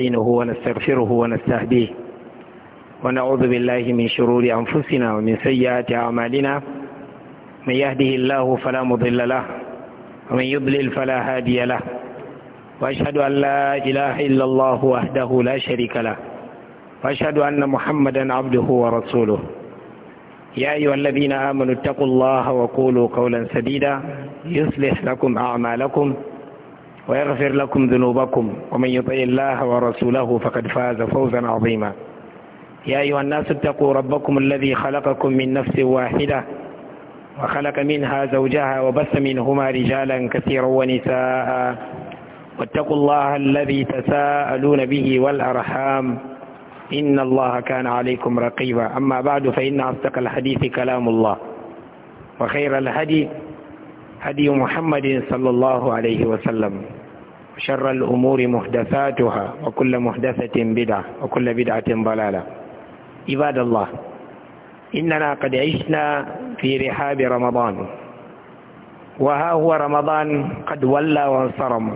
نستعينه ونستغفره ونستهديه ونعوذ بالله من شرور أنفسنا ومن سيئات أعمالنا من يهده الله فلا مضل له ومن يضلل فلا هادي له وأشهد أن لا إله إلا الله وحده لا شريك له وأشهد أن محمدا عبده ورسوله يا أيها الذين آمنوا اتقوا الله وقولوا قولا سديدا يصلح لكم أعمالكم ويغفر لكم ذنوبكم ومن يطع الله ورسوله فقد فاز فوزا عظيما يا أيها الناس اتقوا ربكم الذي خلقكم من نفس واحدة وخلق منها زوجها وبث منهما رجالا كثيرا ونساء واتقوا الله الذي تساءلون به والأرحام إن الله كان عليكم رقيبا أما بعد فإن أصدق الحديث كلام الله وخير الهدي هدي محمد صلى الله عليه وسلم شر الأمور محدثاتها وكل محدثة بدعة وكل بدعة ضلالة عباد الله إننا قد عشنا في رحاب رمضان وها هو رمضان قد ولى وانصرم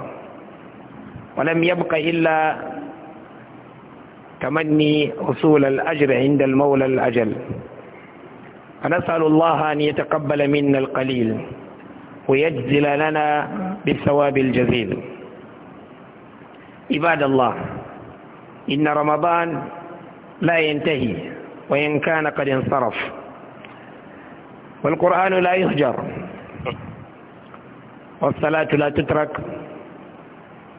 ولم يبق إلا تمني حصول الأجر عند المولى الأجل فنسأل الله أن يتقبل منا القليل ويجزل لنا بالثواب الجزيل عباد الله إن رمضان لا ينتهي وإن كان قد انصرف والقرآن لا يهجر والصلاة لا تترك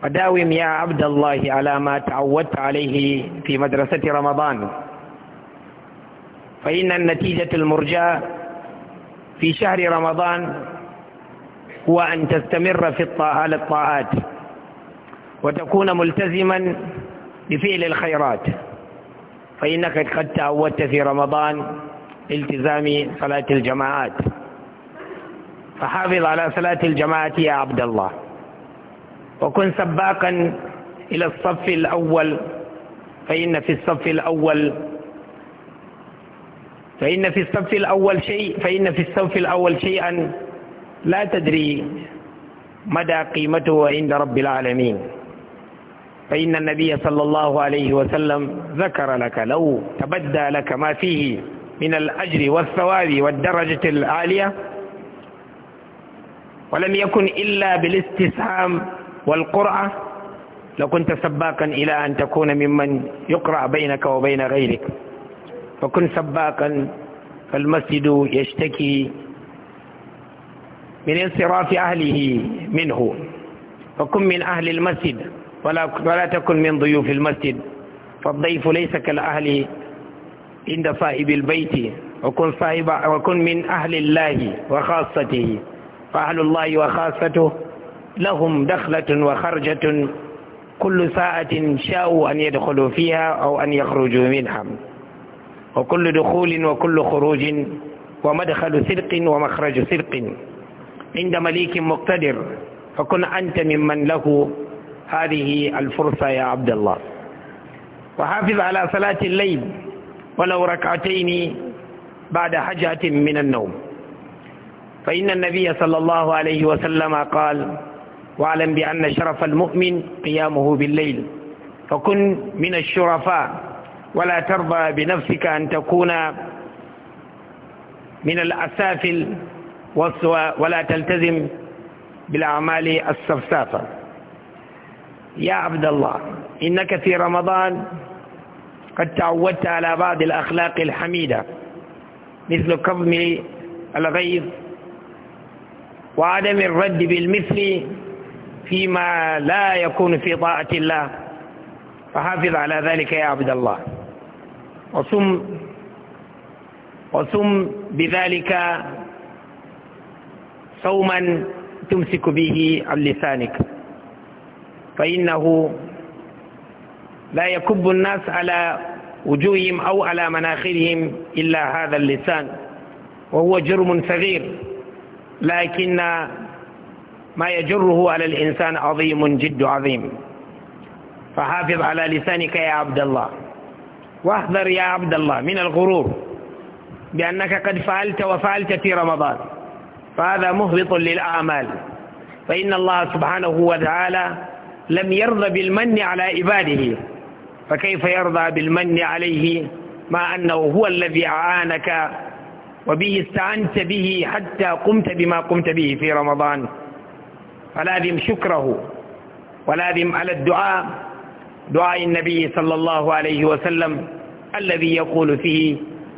وداوم يا عبد الله على ما تعودت عليه في مدرسة رمضان فإن النتيجة المرجاة في شهر رمضان هو أن تستمر في على الطاعات وتكون ملتزما بفعل الخيرات فإنك قد تعودت في رمضان التزام صلاة الجماعات فحافظ على صلاة الجماعة يا عبد الله وكن سباقا إلى الصف الأول فإن في الصف الأول فإن في الصف الأول شيء فإن في الصف الأول شيئا لا تدري مدى قيمته عند رب العالمين فإن النبي صلى الله عليه وسلم ذكر لك لو تبدى لك ما فيه من الأجر والثواب والدرجة العالية ولم يكن إلا بالاستسهام والقرعة لكنت سباقا إلى أن تكون ممن يقرع بينك وبين غيرك فكن سباقا فالمسجد يشتكي من انصراف أهله منه فكن من أهل المسجد ولا, ولا تكن من ضيوف المسجد فالضيف ليس كالأهل عند صاحب البيت وكن, صاحب وكن من أهل الله وخاصته فأهل الله وخاصته لهم دخلة وخرجة كل ساعة شاءوا أن يدخلوا فيها أو أن يخرجوا منها وكل دخول وكل خروج ومدخل صدق ومخرج صدق عند مليك مقتدر فكن أنت ممن له هذه الفرصة يا عبد الله وحافظ على صلاة الليل ولو ركعتين بعد حجة من النوم فإن النبي صلى الله عليه وسلم قال واعلم بأن شرف المؤمن قيامه بالليل فكن من الشرفاء ولا ترضى بنفسك أن تكون من الأسافل ولا تلتزم بالأعمال السفسافة يا عبد الله إنك في رمضان قد تعودت على بعض الأخلاق الحميدة مثل كظم الغيظ وعدم الرد بالمثل فيما لا يكون في طاعة الله فحافظ على ذلك يا عبد الله وصم وصم بذلك صوما تمسك به عن لسانك فإنه لا يكب الناس على وجوههم أو على مناخرهم إلا هذا اللسان وهو جرم صغير لكن ما يجره على الإنسان عظيم جد عظيم فحافظ على لسانك يا عبد الله واحذر يا عبد الله من الغرور بأنك قد فعلت وفعلت في رمضان فهذا مهبط للآمال فإن الله سبحانه وتعالى لم يرضى بالمن على عباده فكيف يرضى بالمن عليه ما أنه هو الذي أعانك وبه استعنت به حتى قمت بما قمت به في رمضان فلازم شكره ولازم على الدعاء دعاء النبي صلى الله عليه وسلم الذي يقول فيه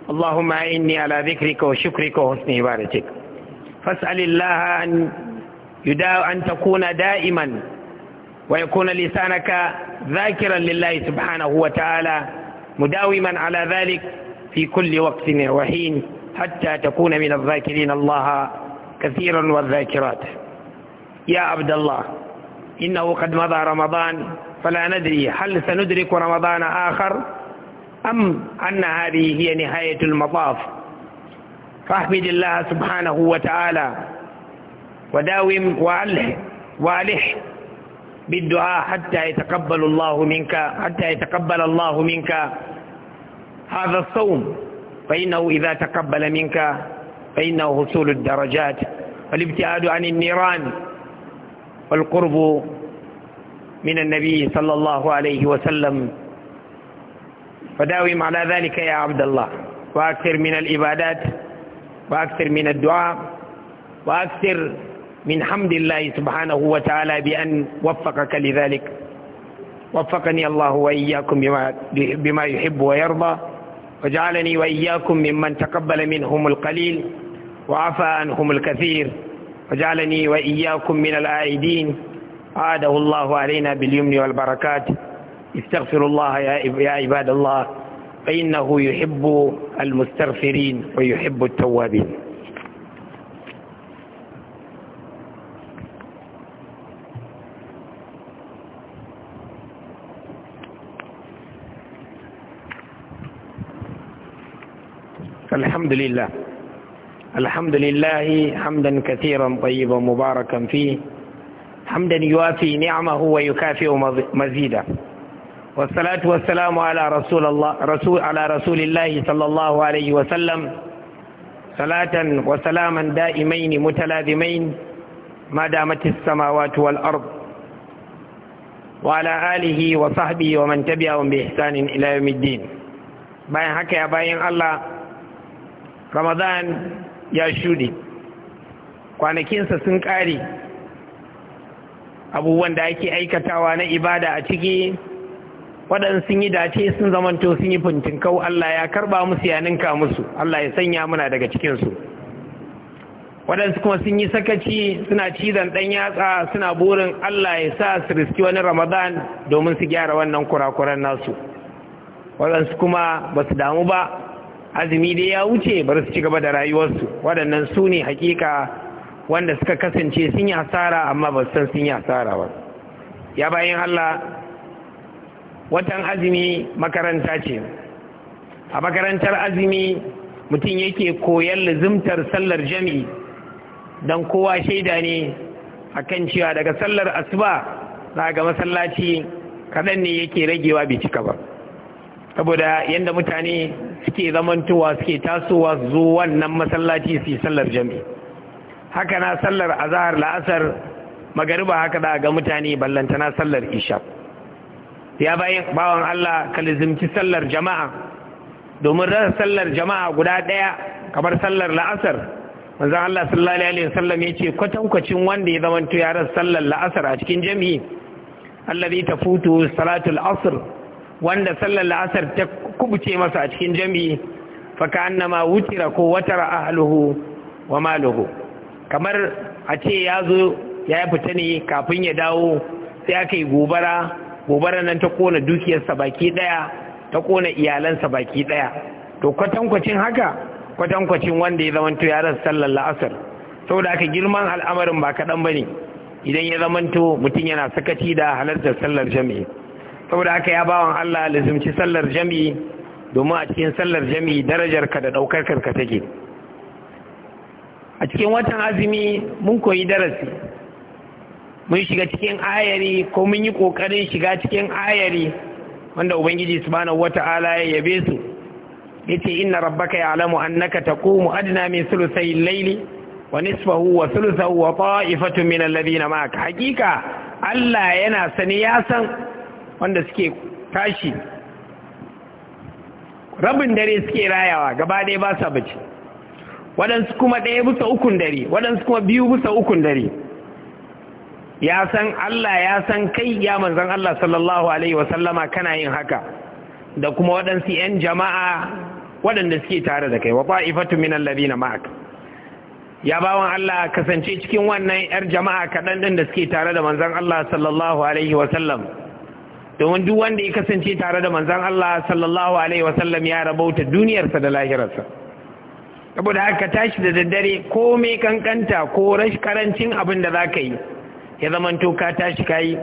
اللهم إني على ذكرك وشكرك وحسن عبادتك فاسأل الله أن يدا أن تكون دائما ويكون لسانك ذاكرا لله سبحانه وتعالى مداوما على ذلك في كل وقت وحين حتى تكون من الذاكرين الله كثيرا والذاكرات يا عبد الله إنه قد مضى رمضان فلا ندري هل سندرك رمضان آخر أم أن هذه هي نهاية المطاف فاحمد الله سبحانه وتعالى وداوم وألح وألح بالدعاء حتى يتقبل الله منك حتى يتقبل الله منك هذا الصوم فإنه إذا تقبل منك فإنه حصول الدرجات والابتعاد عن النيران والقرب من النبي صلى الله عليه وسلم فداوم على ذلك يا عبد الله وأكثر من العبادات وأكثر من الدعاء وأكثر من حمد الله سبحانه وتعالى بأن وفقك لذلك وفقني الله وإياكم بما, بما يحب ويرضى وجعلني وإياكم ممن تقبل منهم القليل وعفى عنهم الكثير وجعلني وإياكم من الآيدين عاده الله علينا باليمن والبركات استغفر الله يا عباد الله فإنه يحب المستغفرين ويحب التوابين الحمد لله الحمد لله حمدا كثيرا طيبا مباركا فيه حمدا يوافي نعمه ويكافئ مزيدا والصلاة والسلام على رسول الله رسول على رسول الله صلى الله عليه وسلم صلاة وسلاما دائمين متلازمين ما دامت السماوات والأرض وعلى آله وصحبه ومن تبعهم بإحسان إلى يوم الدين باين حكى باين الله رمضان يا شودي kwanakinsa sun ƙare abubuwan da ake aikatawa na ibada a ciki waɗanda sun yi dace sun zamanto sun yi fintinkau Allah ya karba musu ya ninka musu Allah ya sanya muna daga cikinsu waɗansu kuma sun yi sakaci suna cizon ɗan yatsa suna burin Allah ya sa su riski wani ramadan domin su gyara wannan kurakuran nasu waɗansu kuma ba su damu ba azumi dai ya wuce bari su ci gaba da rayuwarsu waɗannan su ne hakika wanda suka kasance sun yi hasara amma ba san sun yi hasara ba ya bayan Allah watan azumi makaranta ce a makarantar azumi mutum yake koyar lizimtar sallar jam'i don kowa shaida ne a kan cewa daga sallar asuba za ga masallaci kaɗan ne yake ragewa bai cika ba saboda yadda mutane suke zamantowa suke tasowa zo wannan masallaci su sallar jam'i haka na sallar azahar la'asar magariba haka da ga mutane ballantana sallar isha ya bayan bawan Allah ka lizimci sallar jama'a domin rasa sallar jama'a guda ɗaya kamar sallar la'asar wanzan Allah sallallahu alaihi wasallam ya ce kwatankwacin wanda ya zamanto ya rasa sallar la'asar a cikin jami'i ta futu salatul asr wanda sallar la'asar ta kubuce masa a cikin jami'i fa ka'annama wutira ko watara ahluhu wa maluhu kamar a ce ya zo ya fita ne kafin ya dawo sai aka yi gobara gobara nan ta kona dukiyarsa baki ɗaya ta kona iyalansa baki ɗaya to kwatankwacin haka kwatankwacin wanda ya zamanto ya rasa sallar la'asar saboda aka girman al'amarin ba kaɗan ba ne idan ya zamanto mutum yana sakaci da halartar sallar jami'i saboda aka ya bawan Allah lizimci sallar jami'i domin a cikin sallar jami'i darajar ka da ɗaukar ka take a cikin watan azumi mun koyi darasi mun shiga cikin ayari ko mun yi ƙoƙarin shiga cikin ayari wanda ubangiji subhanahu wata'ala ya yabe su yace inna rabbaka ya'lamu annaka taqumu adna min thuluthay al-layli wa nisfahu wa thuluthahu wa ta'ifatun min alladhina ma'aka haqiqa Allah yana sani ya san wanda suke tashi rabin dare suke rayawa gaba ɗaya ba sa bace waɗansu kuma ɗaya bisa ukun dare waɗansu kuma biyu bisa ukun dare ya san Allah ya san kai ya manzan Allah sallallahu alaihi wasallama kana yin haka da kuma waɗansu 'yan jama'a waɗanda suke tare da kai wa fa'ifatu min alladhina ma'ak ya bawan Allah kasance cikin wannan 'yar jama'a kaɗan ɗin da suke tare da manzan Allah sallallahu alaihi wasallam domin duk wanda ya kasance tare da manzan Allah sallallahu alaihi wasallam ya rabauta duniyarsa da lahirarsa saboda haka tashi da daddare ko mai kankanta ko rash karancin abin da za ka yi ya zamanto ka tashi kayi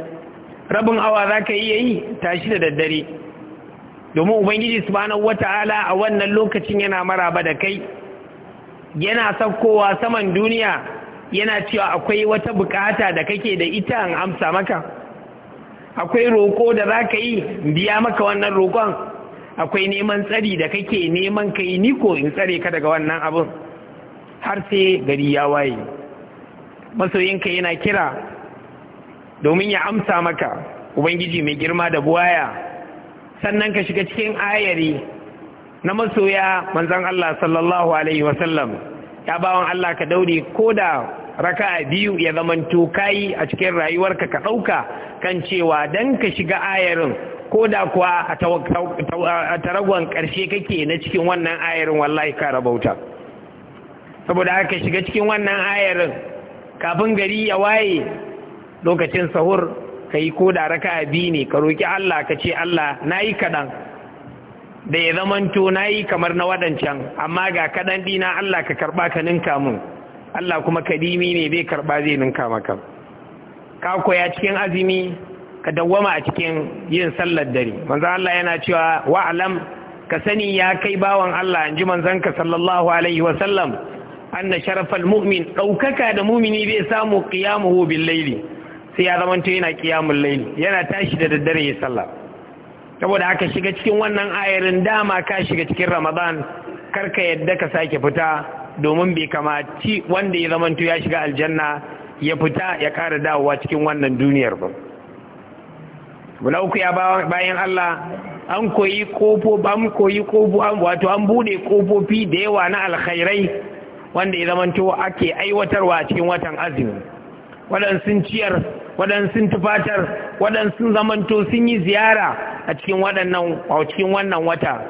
rabin awa za ka iya yi tashi da daddare domin ubangiji subhanahu wata'ala a wannan lokacin yana maraba da kai yana sakkowa saman duniya yana cewa akwai wata bukata da kake da ita an amsa maka akwai roko da za ka yi biya maka wannan rokon akwai neman tsari da kake neman ka yi niko in tsare ka daga wannan abin har sai gari ya waye masoyinka yana kira domin ya amsa maka ubangiji mai girma da buwaya sannan ka shiga cikin ayari na masoya manzan Allah sallallahu alaihi wasallam ya bawan Allah ka daure ko da raka biyu ya zamanto kayi a cikin rayuwarka ka ɗauka kan cewa don ka shiga ayarin ko da kuwa a taragon ƙarshe kake na cikin wannan ayarin wallahi ka rabauta saboda haka shiga cikin wannan ayarin kafin gari ya waye lokacin sahur ka yi ko da raka biyu ne ka roƙi Allah ka ce Allah na yi kaɗan da ya zamanto na yi kamar na waɗancan amma ga kaɗan ɗina Allah ka karɓa ka ninka mun Allah kuma kadimi ne zai karɓa zai ninka maka ka koya cikin azumi ka dawwama a cikin yin sallar dare manzo Allah yana cewa wa'alam ka sani ya kai bawan Allah manzon ka sallallahu alaihi wa sallam anna sharafal mu'min ɗaukaka da mumini bai samu qiyamuhu bil laili sai ya zamanto yana kiyamun laili yana tashi da daddare ya sallah saboda haka shiga cikin wannan ayarin dama ka shiga cikin ramadan karka yadda ka sake fita domin bai kamaci wanda ya zama ya shiga aljanna ya fita ya kara dawowa cikin wannan duniyar ba wala uku ya bayan Allah an koyi kofo mu koyi kofo an wato an bude kofofi da yawa na alkhairai wanda ya zamanto ake aiwatarwa cikin watan azumi waɗansu ciyar waɗansu tufatar waɗansu zamanto sun yi ziyara a cikin wannan wata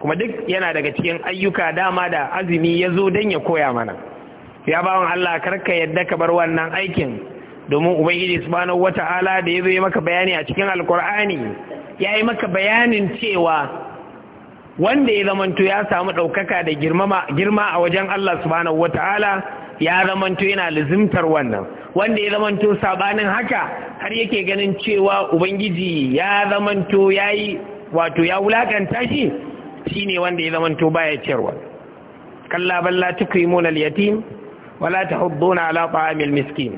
kuma duk yana daga cikin ayyuka dama da azumi ya zo don ya koya mana ya ba bawan Allah kar ka yadda ka bar wannan aikin domin ubangiji subhanahu wata'ala da ya zo ya maka bayani a cikin alkur'ani ya yi maka bayanin cewa wanda ya zamanto ya samu ɗaukaka da girma a wajen Allah subhanahu wata'ala ya zamanto yana lizimtar wannan wanda ya zamanto sabanin haka har yake ganin cewa ubangiji ya zamanto yayi wato ya wulakanta shi shine wanda ya zamanto baya ciyarwa kalla balla tukrimuna yatim wala tahudduna ala ta'amil miskin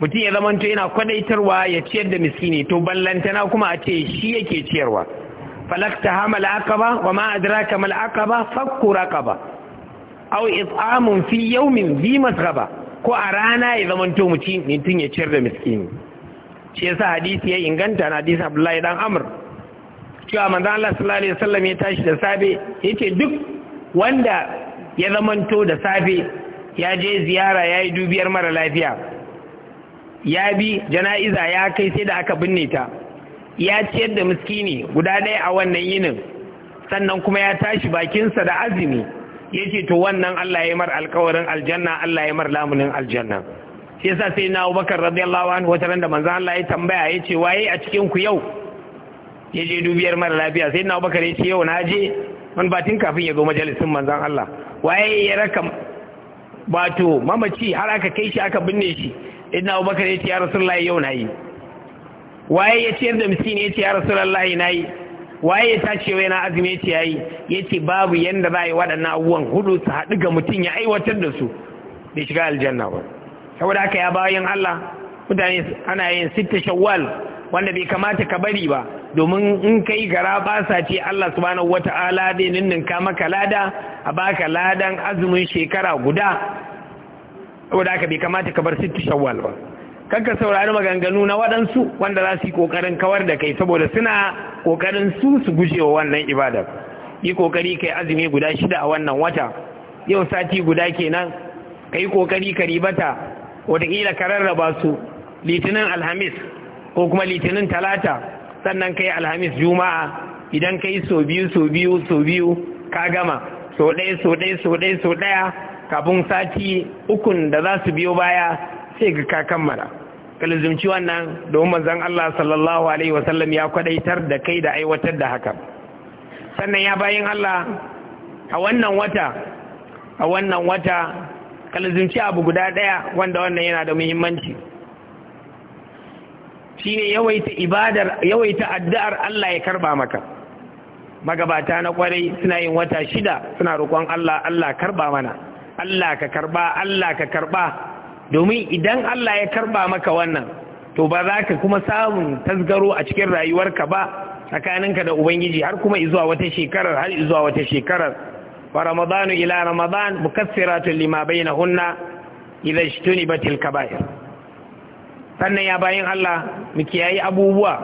mutum ya zamanto yana kwadaitarwa ya ciyar da miskini to ballantana kuma a ce shi yake ciyarwa falakta hamal ba wa ma adraka ba aqaba fakku raqaba au it'amun fi yawmin bi masraba ko a rana ya zama to mutum ya ciyar da miskini shi yasa hadisi ya inganta na hadisi Abdullahi dan Amr cewa manzo Allah sallallahu alaihi wasallam ya tashi da safe yace duk wanda ya zamanto da safe ya je ziyara yayi dubiyar mara lafiya ya bi jana'iza ya kai sai da aka binne ta ya ciyar da miskini guda ɗaya a wannan yinin sannan kuma ya tashi bakinsa da azumi yace to wannan Allah ya mar alkawarin aljanna Allah ya mar lamunin aljanna shi yasa sai na Abubakar radiyallahu anhu wata ran da manzo Allah ya tambaya yace waye a cikin ku yau yaje dubiyar mara lafiya sai na Abubakar ce yau na je man batin kafin ya zo majalisin manzon Allah waye ya raka bato mamaci har aka kai shi aka binne shi inna Abubakar ce ya Rasulullahi yau na yi waye ya ciyar da miskini ce ya Rasulullahi na yi waye ya tace wai na azumi yace yayi yace babu yanda za a yi waɗannan abubuwan hudu su haɗu ga mutum ya aiwatar da su bai shiga aljanna ba saboda haka ya bayan Allah mutane ana yin sitta shawwal wanda bai kamata ka bari ba domin in kai gara basa ce Allah subhanahu wata'ala zai ka maka lada a baka ladan azumin shekara guda saboda haka bai kamata ka bar sitta shawwal ba kakka saurari maganganu na waɗansu wanda za su yi ƙoƙarin kawar da kai saboda suna ƙoƙarin su su guje wa wannan ibada. yi ƙoƙari kai azumi guda shida a wannan wata yau sati guda kenan ka yi ƙoƙari ka ribata wataƙila ka rarraba su litinin alhamis ko kuma litinin talata sannan ka yi alhamis juma'a idan ka yi so biyu so biyu so biyu ka gama so ɗaya so ɗaya so ɗaya so ɗaya kafin sati ukun da za su biyo baya sai ga ka kammala kalzumci wannan domin manzon Allah sallallahu alaihi wasallam ya kwadaitar da kai da aiwatar da haka sannan ya bayin Allah a wannan wata a wannan wata kalzumci abu guda daya wanda wannan yana da muhimmanci shine yawaita ibadar yawaita addu'ar Allah ya karba maka magabata na kwarai suna yin wata shida suna roƙon Allah Allah karba mana Allah ka karba Allah ka karba domin idan Allah ya karba maka wannan to ba za ka kuma samun tasgaro a cikin rayuwarka ba tsakaninka da ubangiji har kuma izuwa wata shekarar har izuwa wata shekarar wa ramadanu ila ramadan mukaffiratun lima bainahunna idza ijtunibatil kaba'ir sannan ya bayin Allah mu kiyayi abubuwa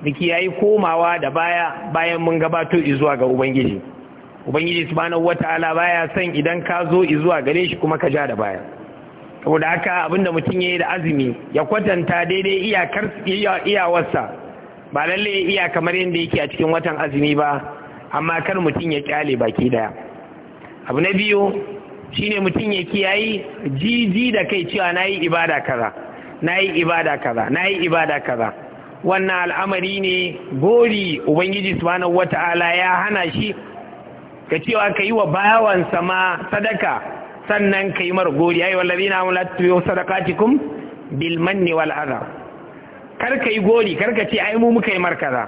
mu kiyayi komawa da baya bayan mun gabato izuwa ga ubangiji ubangiji subhanahu wataala baya son idan ka zo izuwa gare shi kuma ka ja da baya saboda haka abin da mutum ya yi da azumi ya kwatanta daidai iyakar iyawarsa ba lalle iya kamar yadda yake a cikin watan azumi ba amma kar mutum ya kyale baki daya abu na biyu shine mutum ya kiyaye jiji da kai cewa nayi ibada kaza nayi ibada kaza nayi ibada kaza wannan al'amari ne gori ubangiji subhanahu wata'ala ya hana shi ka cewa ka yi wa bawansa sama sadaka sannan ka yi mar gori ai wallazi na amula tuyo sadaqatikum bil manni wal adha kar ka yi gori kar ka ce ai mu muka yi mar kaza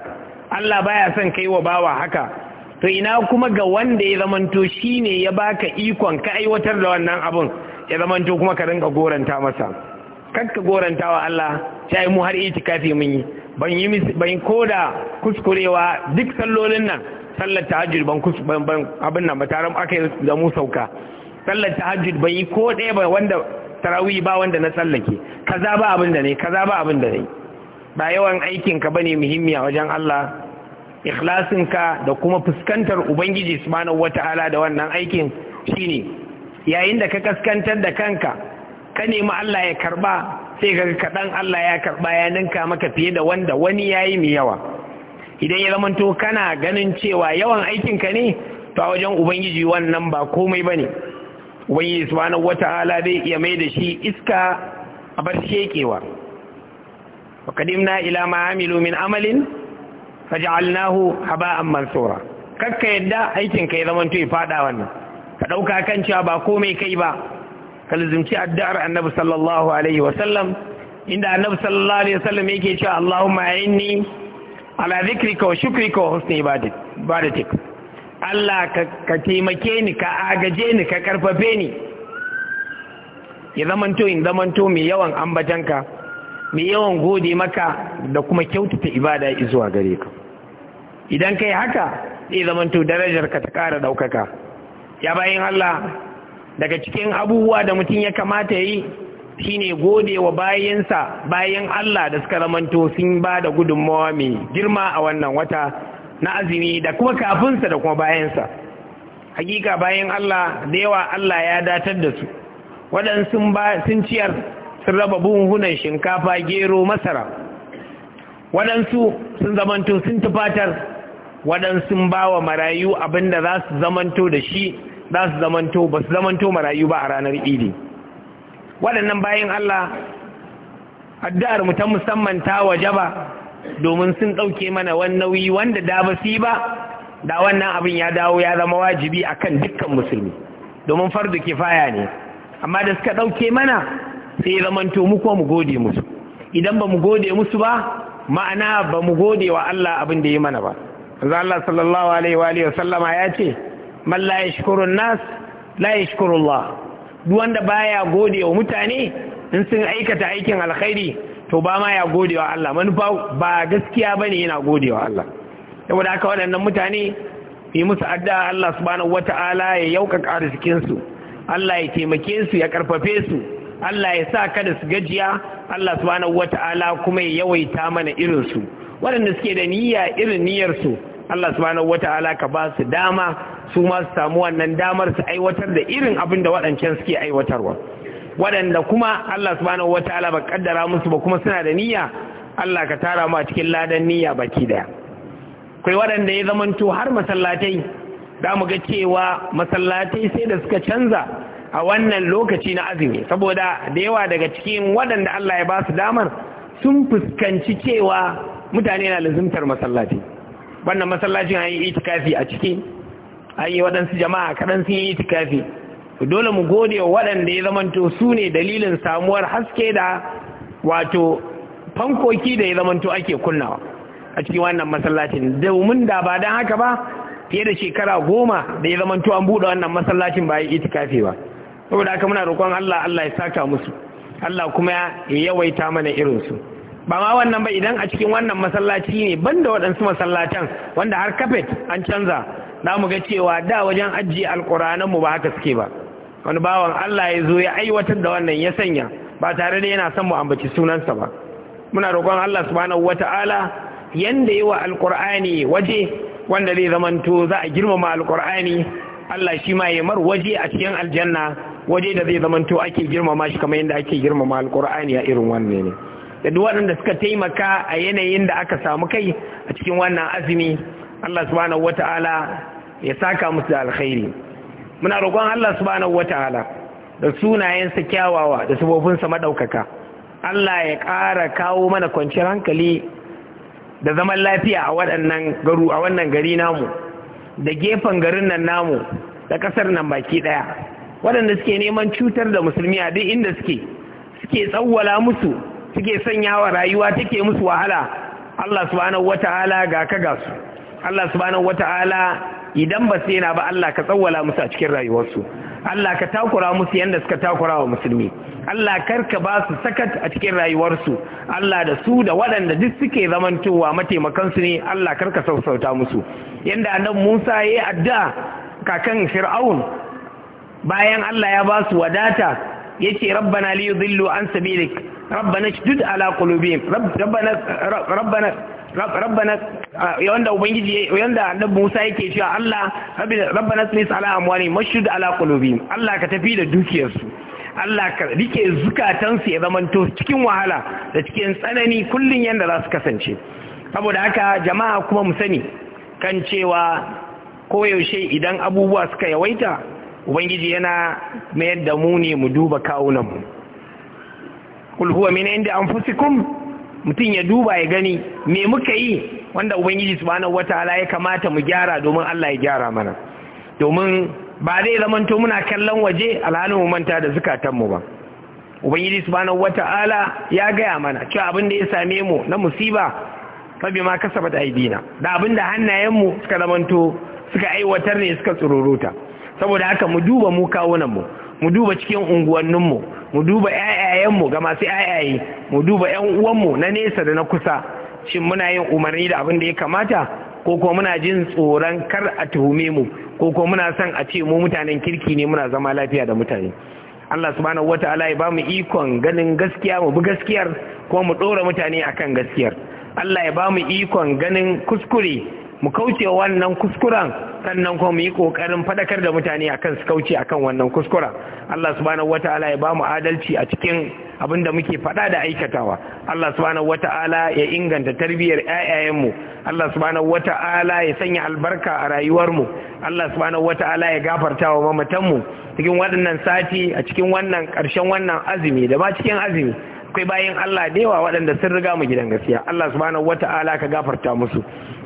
Allah baya son kai wa bawa haka to ina kuma ga wanda ya zamanto shine ya baka ikon ka aiwatar da wannan abun ya zamanto kuma ka rinka goranta masa kar ka goranta wa Allah sai mu har itikafi mun yi ban yi ban koda kuskurewa duk sallolin nan sallar tahajjud ban kus ban abin nan ba tare aka yi da mu sauka sallar tahajjud bai yi ko ɗaya ba wanda tarawih ba wanda na sallake kaza ba abin da ne kaza ba abin da ne ba yawan aikin ka bane muhimmi wajen Allah ikhlasin ka da kuma fuskantar ubangiji subhanahu wataala da wannan aikin shine yayin da ka kaskantar da kanka ka nemi Allah ya karba sai ka kaɗan Allah ya karba ya ninka maka fiye da wanda wani yayi mai yawa idan ya zamanto kana ganin cewa yawan aikin ka ne to a wajen ubangiji wannan ba komai bane ubangiji subhanahu wata'ala zai iya mai da shi iska a bar shekewa wa qadimna ila ma amilu min amalin faj'alnahu haba'an mansura kakka yadda aikin kai zaman to ya fada wannan ka dauka kan cewa ba komai kai ba ka lazimci addu'ar annabi sallallahu alaihi wa sallam inda annabi sallallahu alaihi wa sallam yake cewa Allahumma inni ala dhikrika wa shukrika wa husni ibadatik Allah ka taimake ni ka agaje ni ka karfafe ni ya zamanto in zamanto mai yawan ambatanka mai yawan gode maka da kuma kyautata ibada zuwa gare ka idan kai haka zai zamanto darajar ka ta kara ɗaukaka ya bayan Allah daga cikin abubuwa da mutum ya kamata yi shine gode wa bayansa bayan Allah da suka zamanto sun ba da gudunmawa mai girma a wannan wata na azumi da kuma kafinsa da kuma bayansa hakika bayan Allah da yawa Allah ya datar da su waɗansu sun ciyar sun raba buhunan shinkafa gero masara waɗansu sun zamanto sun tufatar waɗansu ba wa marayu abinda za su zamanto da shi za su zamanto ba su zamanto marayu ba a ranar idi waɗannan bayan Allah addu'ar mu ta musamman ta wajaba domin sun ɗauke mana wani nauyi wanda da ba su ba da wannan abin ya dawo ya zama wajibi a kan dukkan musulmi domin fardu kifaya ne amma da suka ɗauke mana sai to mu kuma mu gode musu idan ba mu gode musu ba ma'ana ba mu gode wa Allah abin da ya mana ba za Allah sallallahu alaihi wa alihi wasallama ya ce man la yashkuru nas la yashkuru Allah duk wanda baya gode wa mutane in sun aikata aikin alkhairi to ba ma ya gode wa Allah manufa ba gaskiya ba ne yana gode wa Allah saboda aka waɗannan mutane yi musu adda Allah wata wata'ala ya yaukaka arzikinsu Allah ya taimake su ya karfafe su Allah ya sa kada su gajiya Allah wata wata'ala kuma ya yawaita mana irinsu. waɗanda suke da niyya irin niyyarsu, Allah su Allah wata wata'ala ka ba su dama su ma su samu wannan damar su aiwatar da irin abin da waɗancan suke aiwatarwa waɗanda kuma Allah subhanahu ta'ala ba kaddara musu ba kuma suna da niyya Allah ka tara mu a cikin ladan niyya baki daya kai waɗanda ya zamanto har masallatai da mu ga cewa masallatai sai da suka canza a wannan lokaci na azumi saboda da yawa daga cikin waɗanda Allah ya ba su damar sun fuskanci cewa mutane na lazimtar masallaci wannan masallacin an yi itikafi a ciki an yi waɗansu jama'a kaɗan sun yi itikafi dole mu gode wa waɗanda ya zamanto su ne dalilin samuwar haske da wato fankoki da ya zamanto ake kunnawa a cikin wannan masallacin domin da ba don haka ba fiye da shekara goma da ya zamanto an buɗe wannan masallacin ba ya itikafi ba saboda haka muna roƙon Allah Allah ya saka musu Allah kuma ya yawaita mana irinsu ba ma wannan ba idan a cikin wannan masallaci ne banda waɗansu masallatan wanda har kafet an canza za mu ga cewa da wajen ajiye alƙuranan mu ba haka suke ba wani bawan Allah ya zo ya aiwatar da wannan ya sanya ba tare da yana son mu ambaci sunansa ba muna roƙon Allah subhanahu wata'ala yanda yi wa alƙur'ani waje wanda zai zamanto za a girmama alƙur'ani Allah shi ma ya mar waje a cikin aljanna waje da zai zamanto ake girmama shi kamar yadda ake girmama alƙur'ani a irin wannan ne da duk waɗanda suka taimaka a yanayin da aka samu kai a cikin wannan azumi Allah subhanahu wata'ala ya saka musu da alkhairi muna roƙon Allah subhanahu wataala da sunayensa kyawawa da sabobinsa madaukaka Allah ya ƙara kawo mana kwanciyar hankali da zaman lafiya a waɗannan garu a wannan gari namu da gefen garin nan namu da ƙasar nan baki ɗaya waɗanda suke neman cutar da musulmi a duk inda suke suke tsawwala musu suke sanya wa rayuwa take musu wahala Allah subhanahu wataala ga ka ga su Allah subhanahu wataala idan ba su yana ba Allah ka tsawwala musu a cikin rayuwarsu Allah ka takura musu yadda suka takura wa musulmi Allah karka ba su sakat a cikin rayuwarsu Allah da su da waɗanda duk suke zamantowa mataimakansu ne Allah karka sausauta musu yadda annabi Musa ya yi addu'a kakan Fir'aun bayan Allah ya ba su wadata yace rabbana li yudillu an sabilik rabbana shdud ala qulubihim rabbana rabbana ubangiji annabi Musa yake cewa Allah rabbana snis ala amwani mashud ala qulubihim Allah ka tafi da dukiyarsu Allah ka rike zukatansu ya zamanto cikin wahala da cikin tsanani kullun yanda za su kasance saboda haka jama'a kuma mu sani kan cewa koyaushe idan abubuwa suka yawaita ubangiji yana mayar da mu ne mu duba kawunanmu kul huwa min inda anfusikum mutum ya duba ya gani me muka yi wanda ubangiji subhanahu wataala ya kamata mu gyara domin Allah ya gyara mana domin ba zai zamanto muna kallon waje alhalin mu manta da zukatan mu ba ubangiji subhanahu wataala ya gaya mana cewa abin da ya same mu na musiba fa bima kasabat aidina da abin da hannayen mu suka zamanto suka aiwatar ne suka tsururuta saboda haka mu duba mu kawunan mu mu duba cikin unguwannin mu mu duba ƴaƴayen mu ga masu ƴaƴaye mu duba yan uwanmu na nesa da na kusa shin muna yin umarni da abin da ya kamata ko kuma muna jin tsoron kar a tuhume mu ko kuma muna son a ce mu mutanen kirki ne muna zama lafiya da mutane Allah subhanahu wataala ya bamu ikon ganin gaskiya mu bi gaskiyar kuma mu dora mutane akan gaskiyar Allah ya ba mu ikon ganin kuskure mu kauce wannan kuskuren sannan kuma mu yi kokarin fadakar da mutane akan su kauce a kan wannan kuskuren Allah subhanahu wataala ya ba mu adalci a cikin abin da muke fada da aikatawa Allah subhanahu wataala ya inganta tarbiyyar ƴaƴayenmu Allah subhanahu wataala ya sanya albarka a rayuwarmu Allah subhanahu wataala ya gafarta wa mamatanmu cikin waɗannan sati a cikin wannan ƙarshen wannan azumi da ba cikin azumi akwai bayan Allah da yawa waɗanda sun riga mu gidan gaskiya Allah subhanahu wata'ala ka gafarta musu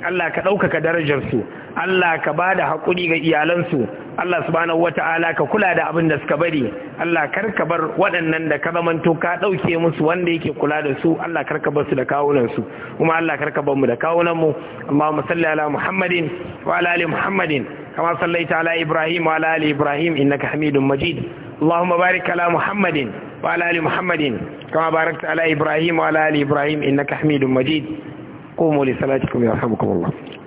Allah ka ɗaukaka darajarsu Allah ka ba da haƙuri ga iyalansu Allah subhanahu wata'ala ka kula da abin da suka bari Allah kar ka bar waɗannan da ka zamanto ka ɗauke musu wanda yake kula da su Allah kar ka bar su da kawunansu kuma Allah kar ka bar mu da kawunanmu Allahumma salli ala Muhammadin wa ala ali Muhammadin kama sallaita ala Ibrahim wa ala ali Ibrahim innaka Hamidum Majid Allahumma barik ala Muhammadin وعلى آل محمد كما باركت على إبراهيم وعلى آل إبراهيم إنك حميد مجيد قوموا لصلاتكم يرحمكم الله